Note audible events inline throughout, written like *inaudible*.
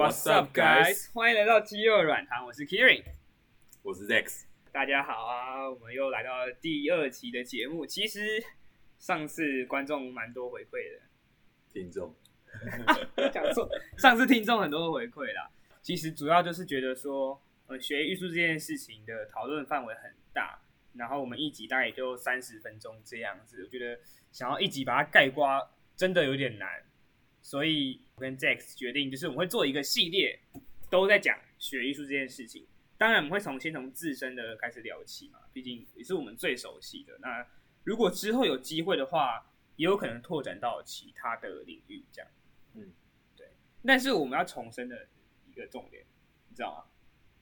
What's up, What's up, guys？歡迎來到肌肉軟糖，我是 Kieran，我是 Zex。大家好啊，我們又來到了第二期的節目。其實上次觀眾蠻多回饋的，聽眾 *laughs* 講錯， *laughs* 上次聽眾很多回饋啦。其實主要就是覺得說，呃，學藝術這件事情的討論範圍很大，然後我們一集大概也就三十分鐘這樣子，我覺得想要一集把它概括，真的有點難。所以，我跟 Jacks 決定，就是我們會做一個系列，都在講學藝術這件事情。當然，我們會從先從自身的開始聊起嘛，畢竟也是我們最熟悉的。那如果之後有機會的話，也有可能拓展到其他的領域，這樣。嗯，對。但是我們要重申的一個重點，你知道嗎？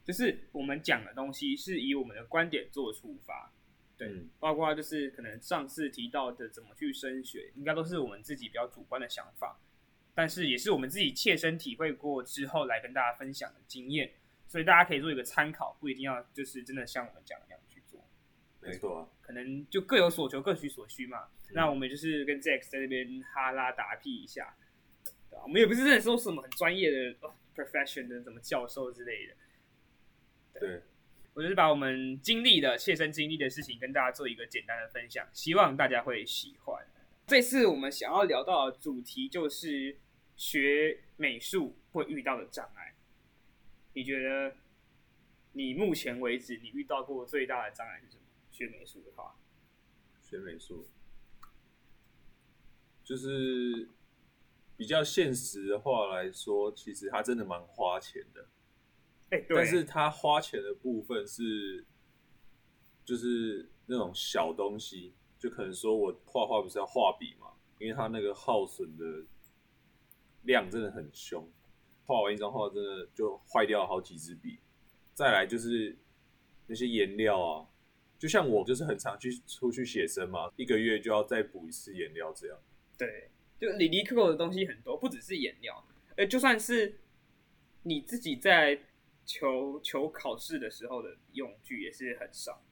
就是我們講的東西是以我們的觀點做出發，對，嗯，包括就是可能上次提到的怎麼去升學，應該都是我們自己比較主觀的想法。但是也是我們自己切身體會過之後來跟大家分享的經驗，所以大家可以做一個參考，不一定要就是真的像我們講的那樣去做。沒錯、啊、可能就各有所求，各取所需嘛、嗯。那我們就是跟 Zex 在這邊哈拉達屁一下對、啊，我們也不是真的說什麼很專業的、哦、professional 的什麼教授之類的。對，對，我就是把我們經歷的切身經歷的事情跟大家做一個簡單的分享，希望大家會喜歡。嗯、這次我們想要聊到的主題就是。學美術會遇到的障礙，你覺得你目前為止你遇到過最大的障礙是什麼？學美術的話，學美術就是比較現實的話來說，其實它真的蠻花錢的。哎，對啊，但是它花錢的部分是就是那種小東西，就可能說我畫畫不是要畫筆嘛，因為它那個耗損的。量真的很兇，畫完一張畫真的就壞掉了好幾支筆。再來就是那些顏料啊，就像我就是很常去出去寫生嘛，一個月就要再補一次顏料這樣。對，就哩哩扣扣的東西很多，不只是顏料，哎，就算是你自己在求求考試的時候的用具也是很少。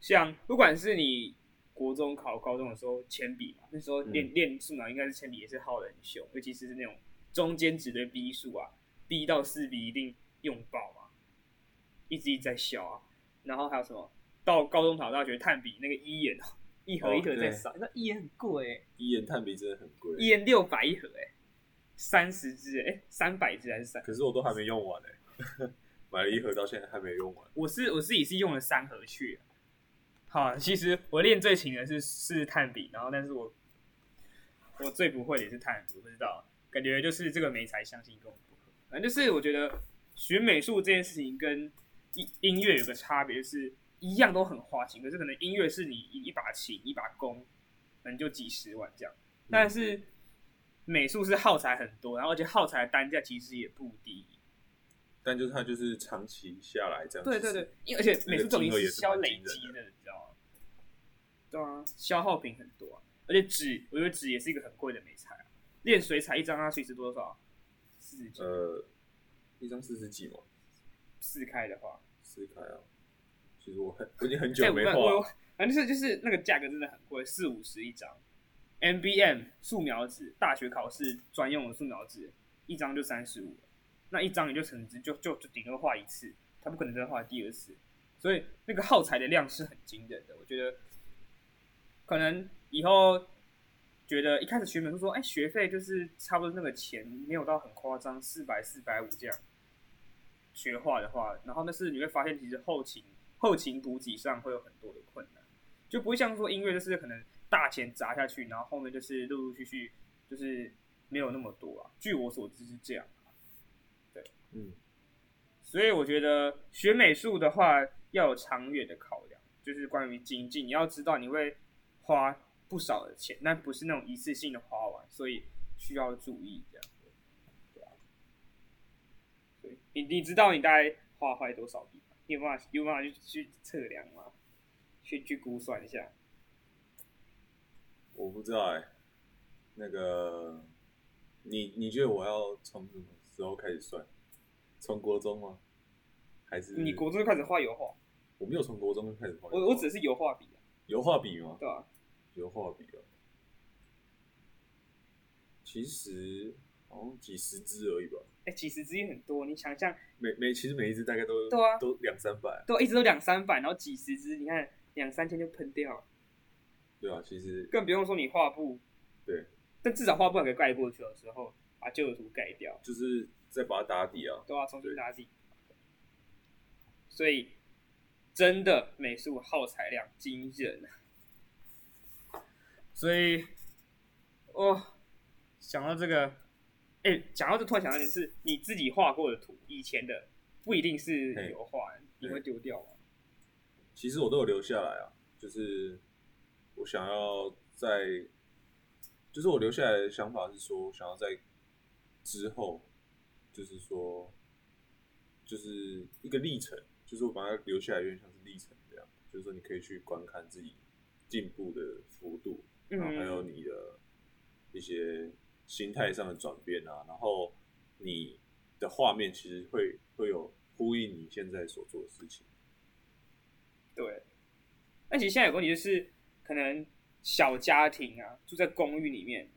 像，不管是你。國中考、高中的時候，鉛筆嘛，那時候練練、嗯、素描，應該是鉛筆也是耗得很兇，尤其是是那種中間值的 B 數啊，B 到四 B 一定用爆嘛、啊，一直一直在削啊。然後還有什麼？到高中考大學炭筆，炭筆那個一、e、眼一盒一盒在掃、哦，那一、e、眼很貴一眼炭筆真的很貴，一眼六百一盒三十支哎，三百支還是三？可是我都還沒用完哎、欸， *laughs* 買了一盒到現在還沒用完。 *laughs* 我是我自己是用了三盒去。啊，其實我練最勤的是是炭筆，然後但是我我最不會的也是炭，我不知道，感覺就是這個沒才相信夠不反正就是我覺得學美術這件事情跟音音樂有個差別、就是，一樣都很花錢，可是可能音樂是你一把琴一把弓，可能就幾十萬這樣，但是美術是耗材很多，然後而且耗材單價其實也不低。但就是它就是長期下來這樣子，對對對，因為而且美術總要累積的，你知道。啊、消耗品很多、啊，而且紙，我覺得紙也是一個很貴的美材啊。練水彩一張啊，水是多少？四十呃，一張四十幾嗎？四開的話，四開啊。其實我很我已經很久沒畫，反、欸、正、啊、就是就是那個價格真的很貴，四五十一張。MBM 素描紙，大學考試專用的素描紙，一張就三十五，那一張也就成只，就就頂多畫一次，它不可能再畫第二次，所以那個耗材的量是很驚人的，我覺得。可能以後覺得一開始學美術說，說哎，學費就是差不多那個錢，沒有到很誇張，四百、四百五這樣學畫的話，然後那是你會發現，其實後勤後勤補給上會有很多的困難，就不會像說音樂，就是可能大錢砸下去，然後後面就是陸陸續續就是沒有那麼多啊。據我所知是這樣啊，對，嗯，所以我覺得學美術的話要有長遠的考量，就是關於經濟，你要知道你會。花不少的錢，但不是那種一次性的花完，所以需要注意這樣。對啊，所以你你知道你大概畫壞多少筆嗎？你有辦法，有辦法去去測量嗎？去去估算一下。我不知道哎、欸，那個，你你覺得我要從什麼時候開始算？從國中嗎？還是你國中就開始畫油畫？我沒有從國中就開始畫，我我只是油畫筆啊，油畫筆嗎？對啊。有畫筆啊，其實好像幾十支而已吧。哎、欸，幾十支也很多，你想象每每其實每一支大概都、啊、都兩三百、啊，對、啊，一直都兩三百，然後幾十支，你看兩三千就噴掉。對啊，其實更不用說你畫布，對，但至少畫布還可以蓋過去的時候，把舊的圖蓋掉，就是再把它打底啊，對啊，重新打底。所以真的美術耗材量驚人。所以，哦、oh，想到這個，哎、欸，講到這突然想到一件事，你自己畫過的圖，以前的不一定是油畫，你會丟掉嗎？其實我都有留下來啊，就是我想要在，就是我留下來的想法是說，想要在之後，就是說，就是一個歷程，就是我把它留下來，有點像是歷程這樣，就是說你可以去觀看自己進步的幅度。嗯，還有你的一些心態上的轉變啊，嗯、然後你的畫面其實會會有呼應你現在所做的事情。對。那其實現在有個問題就是，可能小家庭啊住在公寓裡面，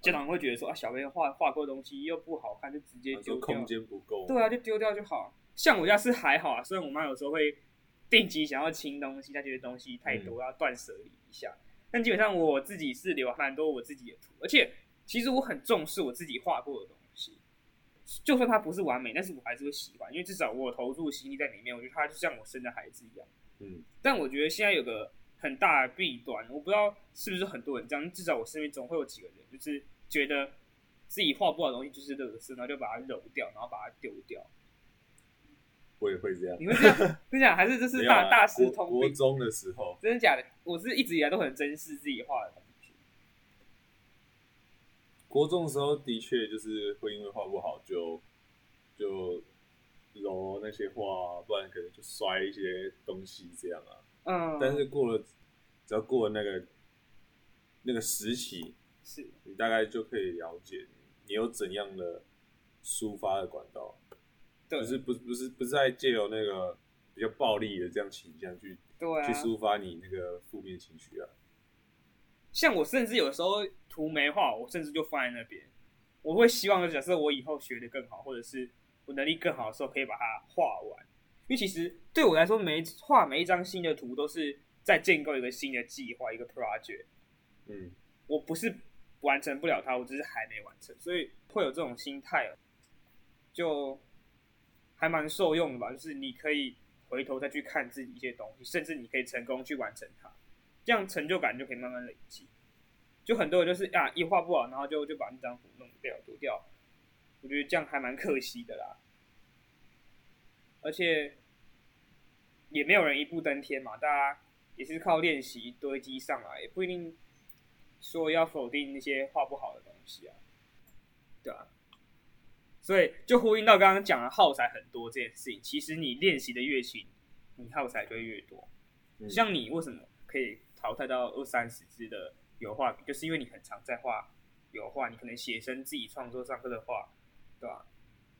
家長會覺得說、嗯、啊小朋友畫畫過東西又不好看，就直接丟。空間不夠，對啊，就丟掉就好。像我家是還好啊，雖然我媽有時候會定期想要清東西，但這些東西太多要、嗯啊、斷舍離一下。但基本上我自己是留蠻多我自己的圖，而且其實我很重視我自己畫過的東西，就算它不是完美，但是我還是會喜歡，因為至少我有投入心意在裡面，我覺得它就像我生的孩子一樣。嗯。但我覺得現在有個很大的弊端，我不知道是不是很多人這樣，至少我身邊總會有幾個人，就是覺得自己畫不好的東西就是垃圾，然後就把它揉掉，然後把它丟掉。我也會這樣。你會這樣，真 *laughs* 還是就是大大師通？國，國中的時候，真的假的？我是一直以來都很珍視自己畫的東西。國中的時候的確就是會因為畫不好就就揉那些畫，不然可能就摔一些東西這樣啊。嗯。但是過了，只要過了那個那個時期，是你大概就可以了解你有怎樣的抒發的管道。不，就是不是不是不是在借由那個比較暴力的這樣形象去對，啊、去抒發你那個負面情緒啊。像我甚至有的時候圖沒畫，我甚至就放在那邊。我會希望的假設我以後學得更好，或者是我能力更好的時候，可以把它畫完。因為其實對我來說，每畫每一張新的圖，都是在建構一個新的計劃，一個 project。嗯，我不是完成不了它，我只是還沒完成，所以會有這種心態。就。還蠻受用的吧，就是你可以回頭再去看自己一些東西，甚至你可以成功去完成它，這樣成就感就可以慢慢累積。就很多人就是啊，一畫不好，然後就就把那張圖弄掉、丟掉，我覺得這樣還蠻可惜的啦。而且也沒有人一步登天嘛，大家也是靠練習堆積上來，也不一定說要否定那些畫不好的東西啊。對啊。所以就呼應到剛剛講的耗材很多這件事情，其實你練習的越勤，你耗材就越多。嗯。像你為什麼可以淘汰到二三十支的油畫筆，就是因為你很常在畫油畫，你可能寫生、自己創作上課的畫，對吧？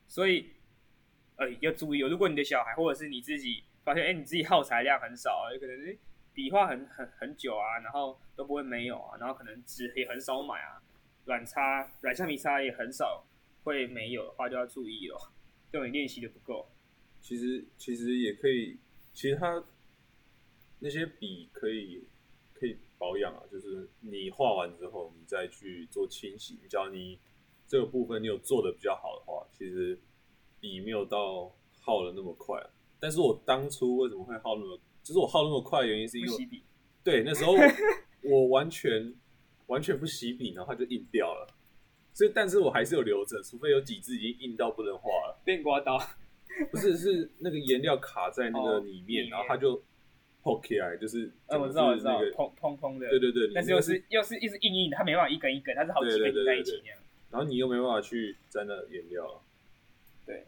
所以，呃，要注意，如果你的小孩或者是你自己發現，哎，你自己耗材量很少，有可能是筆畫很很很久啊，然後都不會沒有啊，然後可能紙也很少買啊，軟擦、軟橡皮擦也很少。會沒有的話，就要注意哦，證明練習的不夠。其實其實也可以，其實它那些筆可以可以保養啊，就是你畫完之後，你再去做清洗。只要你這個部分你有做的比較好的話，其實筆沒有到耗的那麼快啊。但是我當初為什麼會耗那麼，就是我耗那麼快原因是因為，對，那時候我完全 *laughs* 完全不洗筆，然後它就硬掉了。所以，但是我還是有留着，除非有幾支已經硬到不能畫了。變刮刀， *laughs* 不是，是那個顏料卡在那個裡面，哦欸、然後它就 k 開來，就是，是，那個，嗯、哦，我知道，我知道，砰砰砰的，對對對。但是又是又是一直硬硬的，它沒辦法一根一根，它是好幾根在一起的。然後你又沒辦法去沾那顏料。對，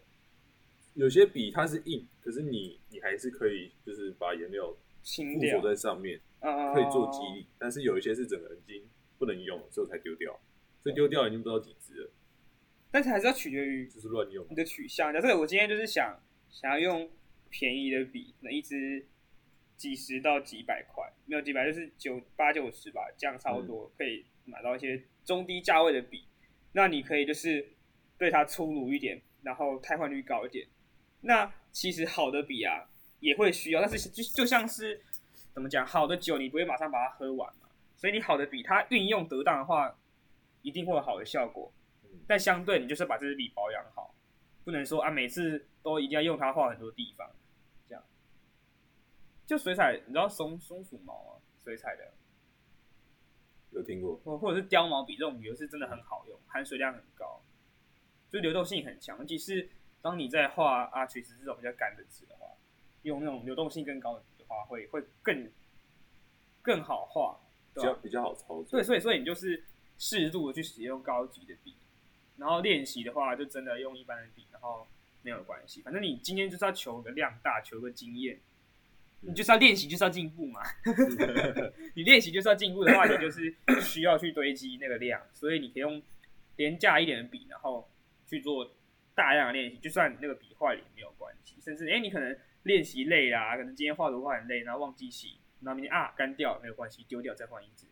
有些筆它是硬，可是你你還是可以，就是把顏料附着在上面，可以做肌理，哦。但是有一些是整個已經不能用了，之後才丟掉。這丟掉已經不知道幾支了，嗯，但是還是要取決於就是亂用你的取向。假設我今天就是想想要用便宜的筆，可能一支幾十到幾百塊，沒有幾百就是九八九十吧，這樣差不多可以買到一些中低價位的筆，嗯。那你可以就是對它粗魯一點，然後替換率高一點。那其實好的筆啊也會需要，但是就就像是怎麼講，好的酒你不會馬上把它喝完嘛，所以你的好的筆它運用得當的話。一定會有好的效果、嗯，但相對你就是把這支筆保養好，不能說啊，每次都一定要用它畫很多地方，這樣。就水彩，你知道松松鼠毛啊，水彩的，有聽過，或者是貂毛筆這種筆是真的很好用、嗯，含水量很高，就流動性很強。尤其是當你在畫啊，其實是這種比較乾的紙的話，用那種流動性更高的筆的話會會更更好畫、啊，比較比較好操作。對，所以所以你就是，適度的去使用高級的筆，然後練習的話，就真的用一般的筆，然後沒有關係。反正你今天就是要求個量大，求個經驗，你就是要練習，就是要進步嘛。對對對 *laughs* 你練習就是要進步的話，你就是需要去堆積那個量，所以你可以用廉價一點的筆，然後去做大量的練習，就算那個筆壞了也沒有關係。甚至哎、欸，你可能練習累啦、啊，可能今天畫圖畫很累，然後忘記洗，然後明天啊乾掉，沒有關係，丟掉再換一支。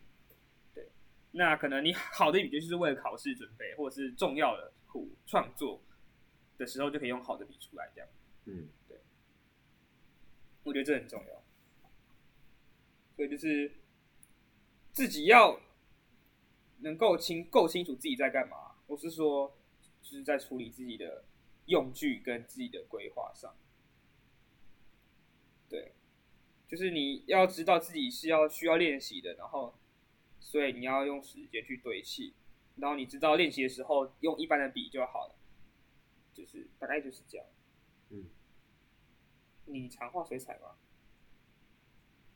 那可能你好的一筆就是為了考試準備，或者是重要的話創作的時候就可以用好的筆出來這樣。嗯，對，我覺得這很重要。所以就是自己要能夠清夠清楚自己在幹嘛，或是說就是在處理自己的用具跟自己的規劃上。對，就是你要知道自己是要需要練習的，然後。所以你要用時間去堆砌，然後你知道練習的時候用一般的筆就好了，就是大概就是這樣。嗯，你常畫水彩嗎？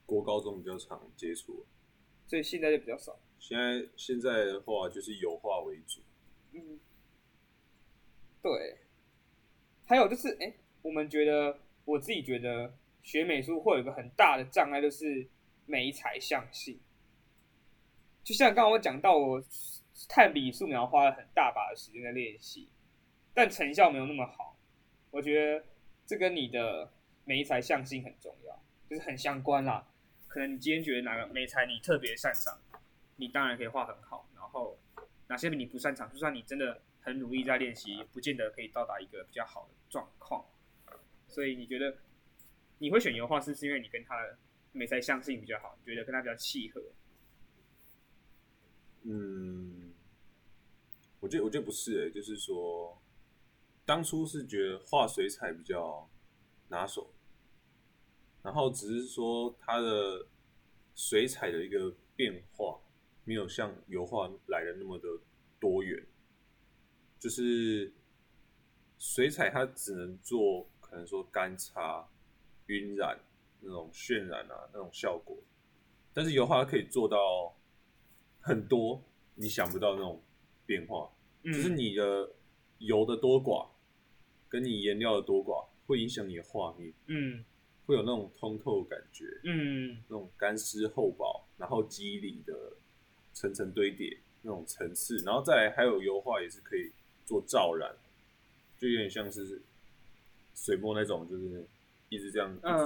國高中比較常接觸，所以現在就比較少。現在現在的話就是油畫為主。嗯，對。還有就是，哎、欸，我們覺得我自己覺得學美術會有一個很大的障礙，就是媒材相性。就像剛剛我講到，我炭筆素描花了很大把的時間在練習，但成效沒有那麼好。我覺得這跟你的媒材相性很重要，就是很相關啦。可能你今天覺得哪個媒材你特別擅長，你當然可以畫很好。然後哪些你不擅長，就算你真的很努力在練習，不見得可以到達一個比較好的狀況。所以你覺得你會選油畫，是不是因為你跟它的媒材相性比較好？你覺得跟它比較契合？嗯，我覺得我覺得不是哎、欸，就是說，當初是覺得畫水彩比較拿手，然後只是說它的水彩的一個變化沒有像油畫來的那麼的多元，就是水彩它只能做可能說乾擦、暈染那種渲染啊那種效果，但是油畫它可以做到很多你想不到那種變化，就、嗯、是你的油的多寡，跟你顏料的多寡會影響你的畫面、嗯，會有那種通透的感覺，嗯、那種乾濕厚薄，然後肌理的層層堆疊，那種層次，然後再來還有油畫也是可以做罩染，就有點像是水墨那種，就是一直這樣，嗯、一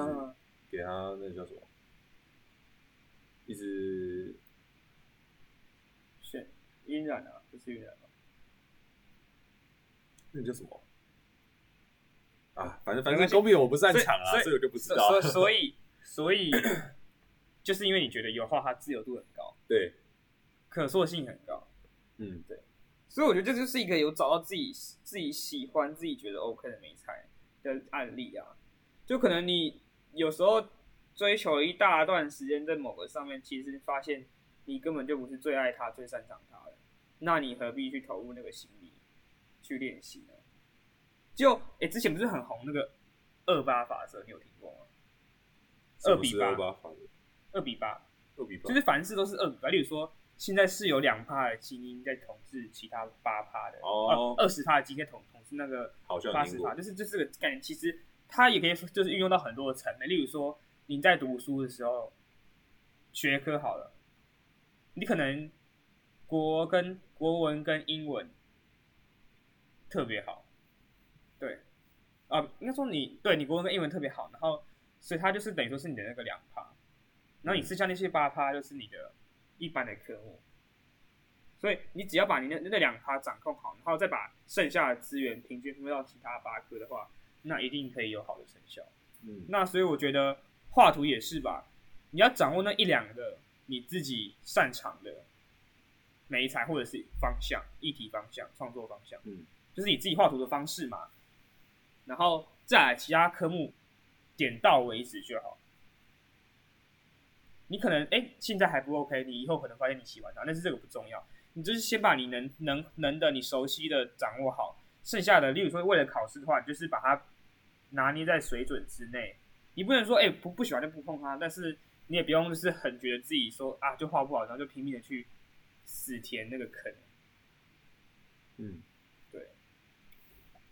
直給他那叫什麼，一直。暈染啊，不是暈染啊。那你叫什麼啊？反正反正工筆我不擅長啊所所，所以我就不知道。所以，所以，所以 *laughs* 所以就是因為你覺得油畫它自由度很高，對，可塑性很高。嗯，對。所以我覺得這就是一個有找到自己自己喜歡、自己覺得 OK 的媒材的案例啊。就可能你有時候追求一大段時間在某個上面，其實發現。你根本就不是最愛他、最擅長他的，那你何必去投入那個心力去練習呢？就哎、欸，之前不是很紅那個二八法則，你有聽過嗎？二比八二比八。二比八。就是凡事都是二比，二比八。例如說，現在是有兩趴的精英在統治其他八趴的哦。二十趴的精英在統統治那個。八十趴就是就是這個感覺，其實它也可以就是運用到很多的層面，例如說，你在讀書的時候，學科好了。你可能國跟國文跟英文特別好，對，啊、呃，應該說你對你國文跟英文特別好，然後所以它就是等於說是你的那個兩趴，然後你剩下那些八趴就是你的一般的科目，嗯、所以你只要把你的那兩趴掌控好，然後再把剩下的資源平均分配到其他八科的話，那一定可以有好的成效。嗯，那所以我覺得畫圖也是吧，你要掌握那一兩個。你自己擅長的媒材，或者是方向、議題方向、創作方向、嗯，就是你自己畫圖的方式嘛，然後再來其他科目點到為止就好。你可能哎、欸、現在還不 OK，你以後可能發現你喜歡它，但是這個不重要，你就是先把你能能能的你熟悉的掌握好，剩下的，例如說為了考試的話，你就是把它拿捏在水準之內。你不能說哎、欸、不不喜歡就不碰它，但是。你也不用就是很覺得自己說啊就畫不好，然後就拼命的去死填那個坑。嗯，對。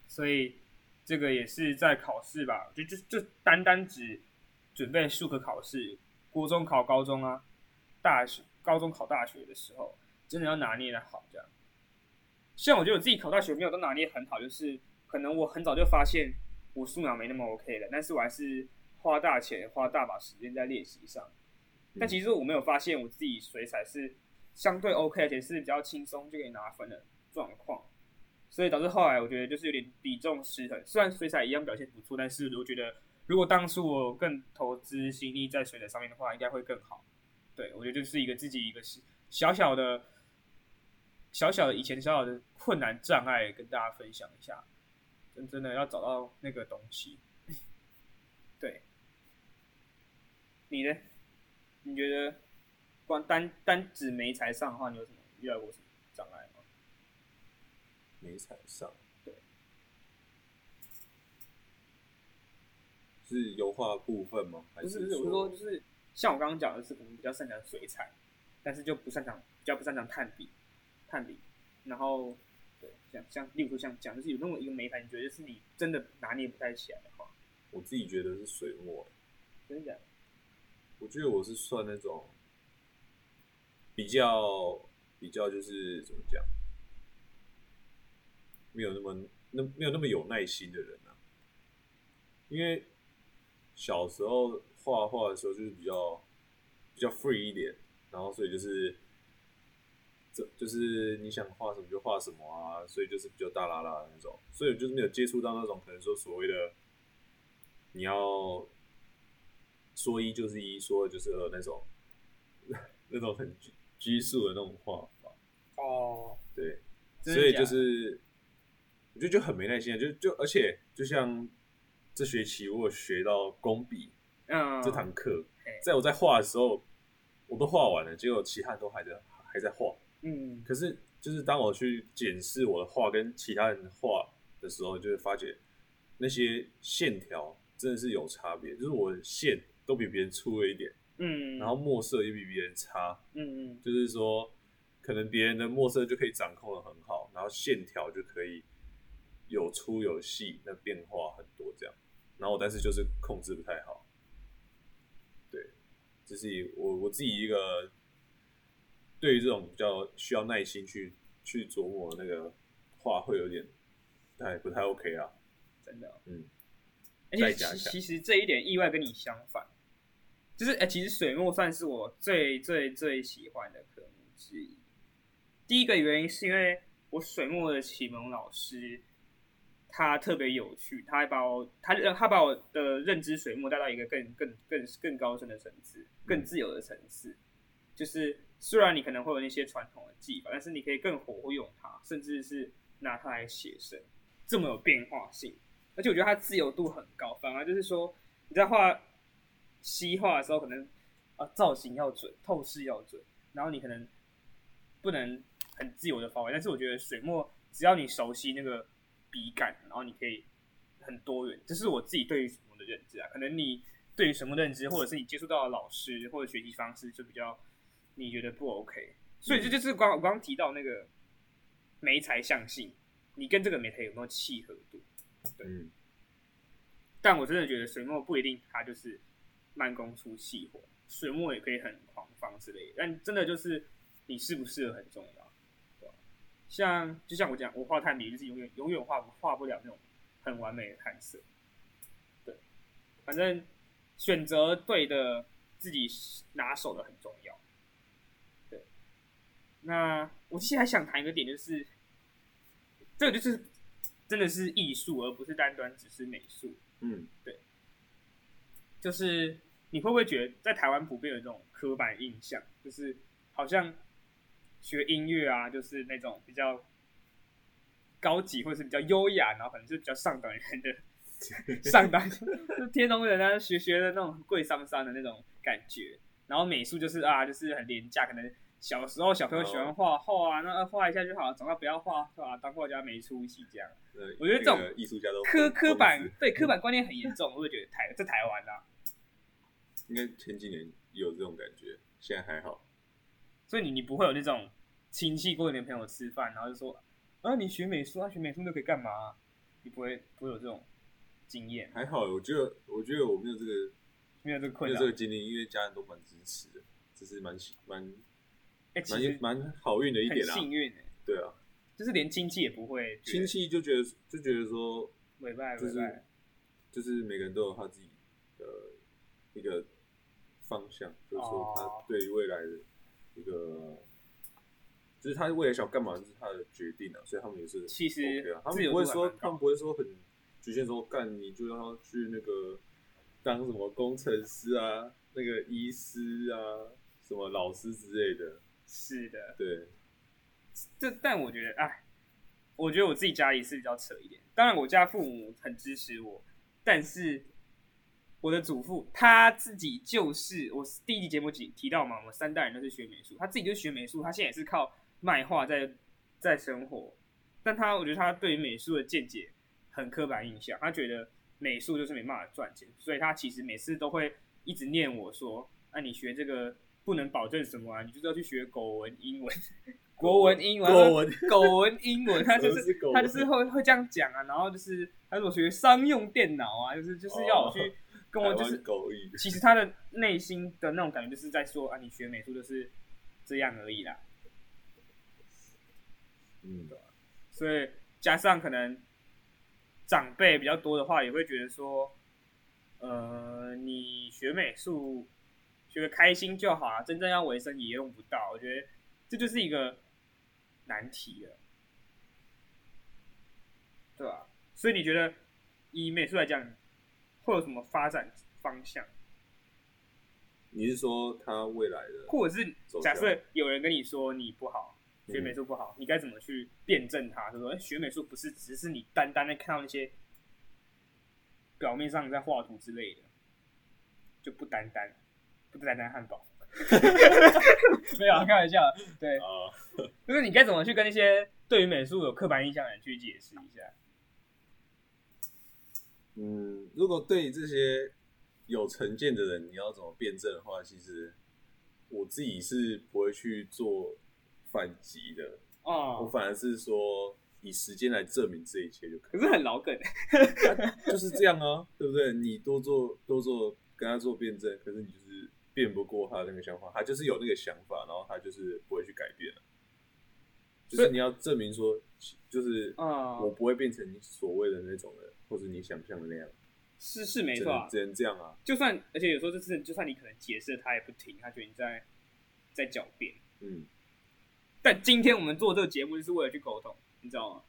所以這個也是在考試吧？就就就單單只準備術科考試，國中考、高中啊，大學、高中考大學的時候，真的要拿捏得好。這樣，像我覺得我自己考大學沒有都拿捏得很好，就是可能我很早就發現我素描沒那麼 OK 了，但是我還是。花大錢，花大把時間在練習上，但其實我沒有發現我自己水彩是相對 OK，而且是比較輕鬆就可以拿分的狀況，所以導致後來我覺得就是有點比重失衡。雖然水彩一樣表現不錯，但是我覺得如果當初我更投資心力在水彩上面的話，應該會更好。對，我覺得這是一個自己一個小小的小小的以前小小的困難障礙，跟大家分享一下，真真的要找到那個東西。你呢？你覺得，光單單指媒材上的話，你有什麼遇到過什麼障礙嗎？媒材上，對，是油畫的部分嗎？還是說，不是不是，我說就是像我剛剛講的，是我們比較擅長水彩，但是就不擅長比較不擅長炭筆、炭筆。然後，對，像像例如說像講的是就是有那麼一個媒材，你覺得是你真的拿捏不太起來的話，我自己覺得是水墨，真假的我覺得我是算那種比較比較就是怎麼講，沒有那麼那沒有那麼有耐心的人啊。因為小時候畫畫的時候就是比較比較 free 一點，然後所以就是這就，就是你想畫什麼就畫什麼啊，所以就是比較大剌剌的那種，所以我就是沒有接觸到那種可能說所謂的你要。說一就是一，說二就是二，那種，那種很拘束的那種畫法，哦、oh，對，所以就是，我覺得就很沒耐心，就就而且就像這學期我有學到工筆，嗯，這堂課，oh, okay. 在我在畫的時候，我都畫完了，結果其他人都還在還在畫，嗯，可是就是當我去檢視我的畫跟其他人畫的時候，就會發覺那些線條真的是有差別，就是我的線。都比別人粗了一點，嗯，然後墨色也比別人差，嗯嗯，就是說，可能別人的墨色就可以掌控的很好，然後線條就可以有粗有細，那變化很多這樣。然後我但是就是控制不太好，對，就是我我自己一個對於這種比較需要耐心去去琢磨的那個話會有點，不太不太 OK 了、啊，真的，嗯，再講一下。其實這一點意外跟你相反。就是哎、欸，其實水墨算是我最最最喜歡的科目之一。第一個原因是因為我水墨的啟蒙老師，他特別有趣，他還把我，他他把我的認知水墨帶到一個更更更更高深的層次，更自由的層次。嗯。就是雖然你可能會有那些傳統的技法，但是你可以更活用它，甚至是拿它來寫生，這麼有變化性。而且我覺得它自由度很高，反而就是說你在畫。西畫的時候可能啊造型要準，透視要準，然後你可能不能很自由的發揮。但是我覺得水墨只要你熟悉那個筆感，然後你可以很多元。這是我自己對於水墨的認知啊。可能你對於什麼認知，或者是你接觸到的老師或者學習方式，就比較你覺得不 OK。所以這就是剛剛、嗯、提到那個媒材相性，你跟這個媒材有沒有契合度？對、嗯。但我真的覺得水墨不一定它就是。慢工出細活，水墨也可以很狂放之類的，但真的就是你適不適合很重要，對吧？像就像我講，我畫炭筆就是永遠永遠畫不畫不了那種很完美的炭色，對。反正選擇對的自己拿手的很重要，對。那我其實還想談一個點，就是這個就是真的是藝術，而不是單單只是美術，嗯，對，就是。你會不會覺得在台灣普遍有這種刻板印象，就是好像學音樂啊，就是那種比較高級或者是比較優雅，然後可能是比較上等人的 *laughs* 上等 *laughs* 天龍人啊，學學的那種貴桑桑的那種感覺。然後美術就是啊，就是很廉價，可能小時候小朋友喜歡畫畫啊，那畫一下就好，長大不要畫畫，當畫家沒出息這樣，呃。我覺得這種科、那個藝術家都、科刻板，對刻板觀念很嚴重。我 *laughs* 會會覺得台在台灣啊。應該前幾年有這種感覺，現在還好。所以你你不會有那種親戚過年朋友吃飯，然後就說啊，你學美術啊，學美術都可以幹嘛？啊？你不會不會有這種經驗？還好，我覺得我覺得我沒有這個，沒有這個困難，沒有這個經歷，因為家人都蠻支持的，只是蠻蠻哎其實蠻好運的一點啦，幸運哎、欸，對啊，就是連親戚也不會，親戚就覺得就覺得說，沒、就是、就是每個人都有他自己的一個。方向，就是說，他對於未來的，一個，oh. 就是他未來想幹嘛，就是他的決定啊。所以他們也是、對啊，其實，他們不會說，他們不會說很局限說，說幹你就要去那個當什麼工程師啊，那個醫師啊，什麼老師之類的。是的，對。這，但我覺得，哎，我覺得我自己家裡是比較扯一點。當然，我家父母很支持我，但是。我的祖父他自己就是我第一集節目提提到嘛，我們三代人都是學美術，他自己就是學美術，他現在也是靠賣畫在在生活。但他我覺得他對於美術的見解很刻板印象，他覺得美術就是沒辦法賺錢，所以他其實每次都會一直念我說：“那、啊、你學這個不能保證什麼啊，你就是要去學狗文、英文、國文英文、國文、啊、國文、英文、狗文、英文。”他就是，是狗他就是會會這樣講啊，然後就是他說我學商用電腦啊，就是就是要我去。哦跟我就是，其實他的內心的那種感覺，就是在說啊，你學美術就是這樣而已啦。嗯，對。所以加上可能長輩比較多的話，也會覺得說，呃，你學美術學得開心就好啊，真正要維生也用不到。我覺得這就是一個難題了，對吧，啊？所以你覺得以美術來講？會有什麼發展方向？你是說他未來的，或者是假設有人跟你說你不好、嗯、學美術不好，你該怎麼去辯證他？就是說，學美術不是只是你單單的看到一些表面上在畫圖之類的，就不單單不單單漢堡。 *laughs* *laughs* *laughs* *laughs* 沒有，開玩笑，對，uh... *laughs* 就是你該怎麼去跟那些對於美術有刻板印象的人去解釋一下？嗯，如果對這些有成見的人，你要怎麼辯證的話，其實我自己是不會去做反擊的啊。Oh. 我反而是說，以時間來證明這一切就可以了。可是很老梗， *laughs* 就是這樣哦，對不對？你多做多做跟他做辯證，可是你就是辯不過他那個想法，他就是有那個想法，然後他就是不會去改變了。就是你要證明說，就是啊，我不會變成你所謂的那種人。Oh. 或是你想象的那樣，是是沒錯，啊，只能這樣啊。就算，而且有時候這、就、次、是，就算你可能解釋，他也不聽，他覺得你在在狡辯。嗯。但今天我們做這個節目，就是為了去溝通，你知道嗎？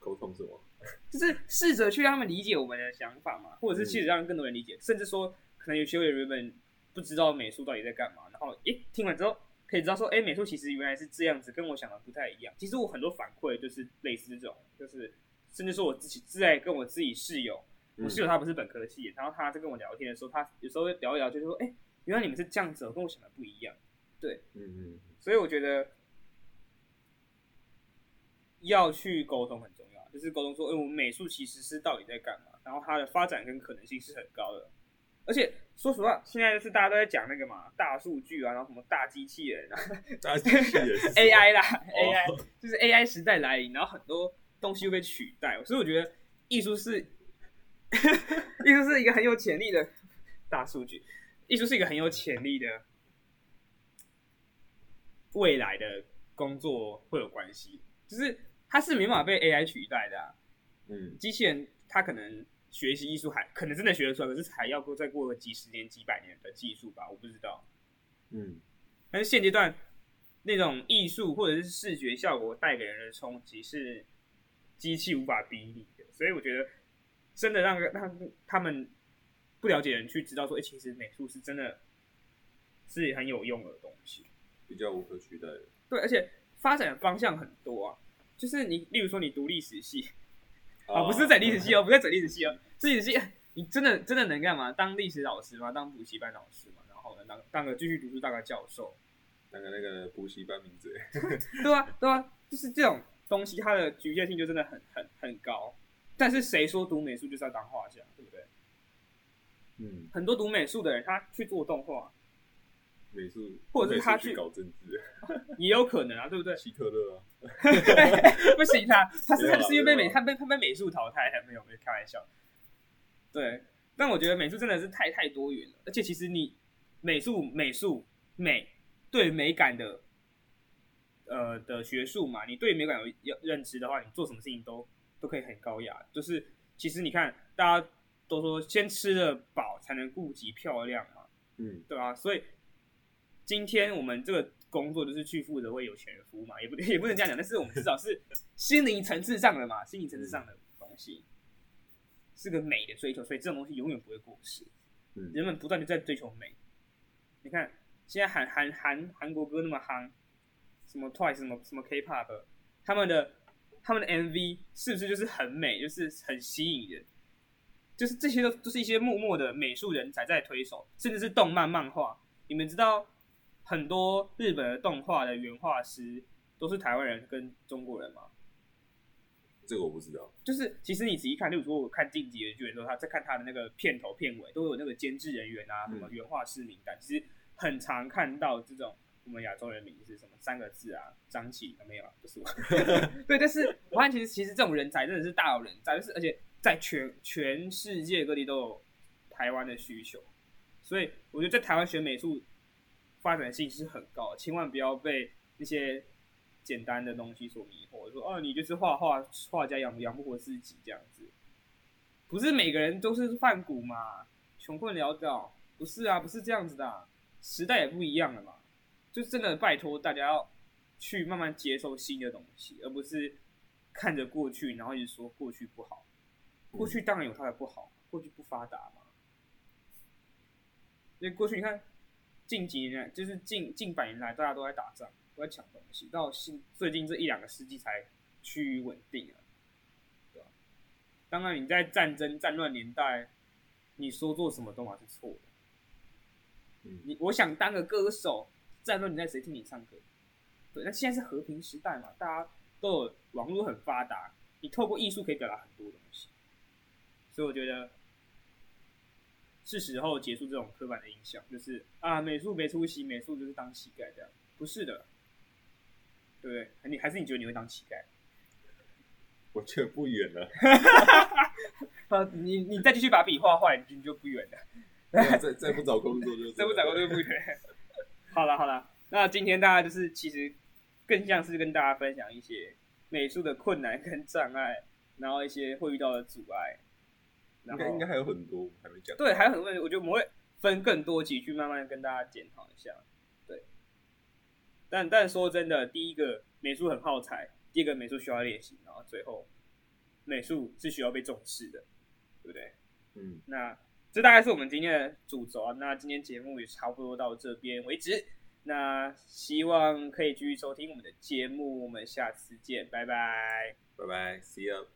溝通什麼？就是試着去讓他們理解我們的想法嘛，或者是試着讓更多人理解。嗯、甚至說，可能有些委員們不知道美術到底在幹嘛，然後誒、欸，聽完之後可以知道說，哎、欸，美術其實原來是這樣子，跟我想的不太一樣。其實我很多反饋就是類似這種，就是。甚至說我自己自在跟我自己室友，我室友他不是本科的系、嗯，然後他在跟我聊天的時候，他有時候會聊一聊，就是說，哎，原來你們是這樣子，跟我想的不一樣，對，嗯嗯，所以我覺得要去溝通很重要，就是溝通說，哎，我們美術其實是到底在幹嘛？然後它的發展跟可能性是很高的，而且說實話，現在就是大家都在講那個嘛，大數據啊，然後什麼大機器人啊，大機器人是 AI 啦、oh.，AI 就是 AI 時代來臨，然後很多。東西又被取代，所以我覺得藝術是藝術 *laughs* 是一個很有潛力的大數據，藝術是一個很有潛力的未來的工作會有關係，就是它是沒辦法被 AI 取代的啊，嗯，機器人它可能學習藝術還可能真的學得出來，可是還要過再過個幾十年幾百年的技術吧，我不知道，嗯，但是現階段那種藝術或者是視覺效果帶給人的衝擊是，機器無法比擬的，所以我覺得真的讓讓他們不了解人去知道說，哎、欸，其實美術是真的是很有用的東西，比較無可取代的。對，而且發展的方向很多啊，就是你，例如說你讀歷史系、哦、啊，不是在歷史系哦，嗯、不是在歷史系哦，嗯、歷史系你真的真的能幹嘛？當歷史老師嘛，當補習班老師嘛，然後呢，當當個繼續讀書當個教授，當個那個補習班名嘴， *laughs* 對啊，對啊，就是這種。東西它的局限性就真的很很很高，但是誰說讀美術就是要當畫家，對不對？嗯，很多讀美術的人他去做動畫、美術或者是他去，去搞政治， *laughs* 也有可能啊，對不對？希特勒啊， *laughs* *laughs* 不行，他他是他是因為美，他被他被美術淘汰還沒有沒，開玩笑。對，但我覺得美術真的是太太多元了，而且其實你美術美術美對美感的。呃的學術嘛，你對美感有有認知的話，你做什麼事情都都可以很高雅。就是其實你看，大家都說先吃的飽才能顧及漂亮啊，嗯，對吧、啊？所以今天我們這個工作就是去負責為有錢人服務嘛，也不也不能這樣講， *laughs* 但是我們至少是心靈層次上的嘛，心靈層次上的東西、嗯、是個美的追求，所以這種東西永遠不會過時、嗯。人們不斷的在追求美，你看現在韓韓韓韓國歌那麼夯，什麼 Twice 什麼什麼 K-pop，他們的他們的 MV 是不是就是很美，就是很吸引人？就是這些都都、就是一些默默的美術人才在推手，甚至是動漫漫畫。你們知道很多日本的動畫的原畫師都是台灣人跟中國人嗎？這個我不知道。就是其實你仔細看，例如說我看《進擊的巨人》的時候，他在看他的那個片頭片尾都有那個監製人員啊，什麼原畫師名單、嗯，其實很常看到這種。我們亞洲人名是什麼？三個字啊，張啟、啊、沒有、啊，不是我。 *laughs* *laughs* 對，但是我漢其實其實這種人才真的是大有人在，就是而且在全全世界各地都有台灣的需求，所以我覺得在台灣學美術發展性是很高，千萬不要被那些簡單的東西所迷惑，說哦你就是畫畫畫家養養不活自己這樣子，不是每個人都是梵谷嘛，窮困潦倒，不是啊，不是這樣子的、啊，時代也不一樣了嘛。就真的拜託大家要去慢慢接受新的東西，而不是看着過去，然後一直說過去不好。過去當然有它的不好，過去不發達嘛。因為過去你看，近幾年來就是近近百年來，大家都在打仗，都在搶東西，到新最近這一兩個世紀才趨於穩定啊。對吧？當然，你在戰爭戰亂年代，你說做什麼都還是錯的。嗯，你我想當個歌手。再說你在誰聽你唱歌？對，那現在是和平時代嘛，大家都有網絡很發達，你透過藝術可以表達很多東西。所以我覺得是時候結束這種刻板的印象，就是啊，美術沒出息，美術就是當乞丐這樣。不是的，對，你還是你覺得你會當乞丐？我覺得不遠了。啊， *laughs* 你你再繼續把筆畫壞，你就不遠了。再再、啊、不找工作就再不找工作就不遠。好了好了，那今天大家就是其實更像是跟大家分享一些美術的困難跟障礙，然後一些會遇到的阻礙，應該應該還有很多還沒講。對，還有很多，嗯、很我覺得我們會分更多集去慢慢跟大家檢討一下。對，但但說真的，第一個美術很耗材，第二個美術需要練習，然後最後美術是需要被重視的，對不對？嗯。那。這大概是我們今天的主軸啊，那今天節目也差不多到這邊為止，那希望可以繼續收聽我們的節目，我們下次見，拜拜，拜拜，See you。